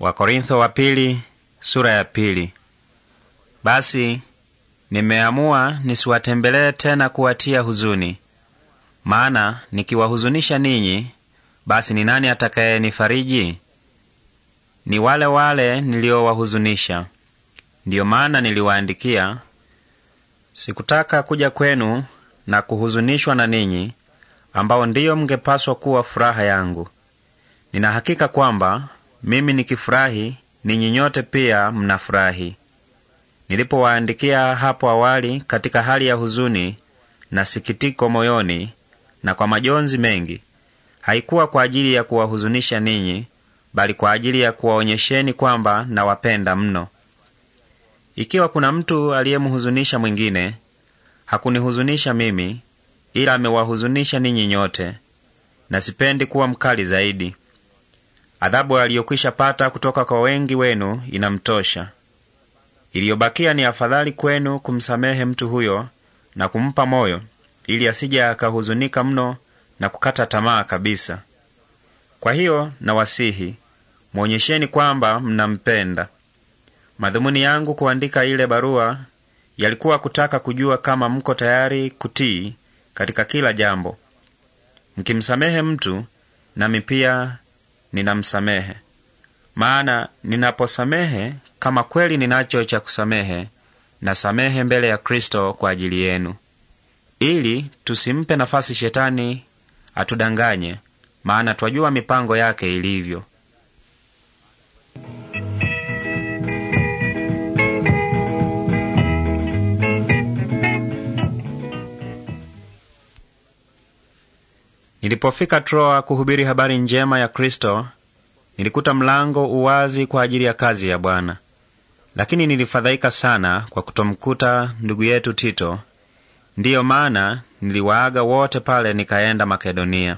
Wakorintho wa pili, sura ya pili. Basi nimeamua nisiwatembelee tena kuwatia huzuni, maana nikiwahuzunisha ninyi, basi ni nani atakayenifariji? Ni wale wale niliowahuzunisha. Ndiyo maana niliwaandikia. Sikutaka kuja kwenu na kuhuzunishwa na ninyi, ambao ndiyo mngepaswa kuwa furaha yangu. Ninahakika kwamba mimi nikifurahi, ninyi nyote pia mnafurahi. Nilipowaandikia hapo awali katika hali ya huzuni na sikitiko moyoni na kwa majonzi mengi, haikuwa kwa ajili ya kuwahuzunisha ninyi, bali kwa ajili ya kuwaonyesheni kwamba nawapenda mno. Ikiwa kuna mtu aliyemhuzunisha mwingine, hakunihuzunisha mimi, ila amewahuzunisha ninyi nyote, na sipendi kuwa mkali zaidi. Adhabu aliyokwisha pata kutoka kwa wengi wenu inamtosha. Iliyobakia ni afadhali kwenu kumsamehe mtu huyo na kumpa moyo, ili asija akahuzunika mno na kukata tamaa kabisa. Kwa hiyo nawasihi mwonyesheni kwamba mnampenda. Madhumuni yangu kuandika ile barua yalikuwa kutaka kujua kama mko tayari kutii katika kila jambo. Mkimsamehe mtu, nami pia ninamsamehe. Maana ninaposamehe, kama kweli ninacho cha kusamehe, nasamehe mbele ya Kristo kwa ajili yenu, ili tusimpe nafasi shetani atudanganye, maana twajua mipango yake ilivyo. Nilipofika Troa kuhubiri habari njema ya Kristo, nilikuta mlango uwazi kwa ajili ya kazi ya Bwana, lakini nilifadhaika sana kwa kutomkuta ndugu yetu Tito. Ndiyo maana niliwaaga wote pale nikaenda Makedonia.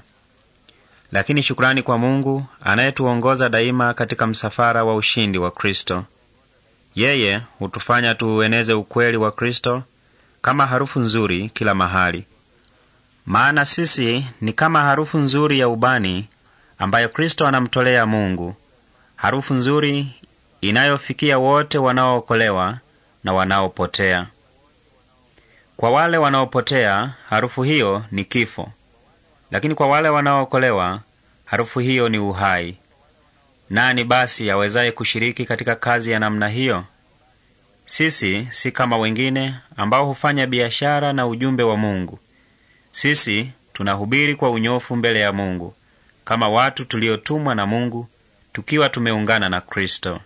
Lakini shukurani kwa Mungu anayetuongoza daima katika msafara wa ushindi wa Kristo. Yeye hutufanya tuueneze ukweli wa Kristo kama harufu nzuri kila mahali. Maana sisi ni kama harufu nzuri ya ubani ambayo Kristo anamtolea Mungu, harufu nzuri inayofikia wote wanaookolewa na wanaopotea. Kwa wale wanaopotea, harufu hiyo ni kifo, lakini kwa wale wanaookolewa, harufu hiyo ni uhai. Nani basi awezaye kushiriki katika kazi ya namna hiyo? Sisi si kama wengine ambao hufanya biashara na ujumbe wa Mungu. Sisi tunahubiri kwa unyofu mbele ya Mungu kama watu tuliotumwa na Mungu tukiwa tumeungana na Kristo.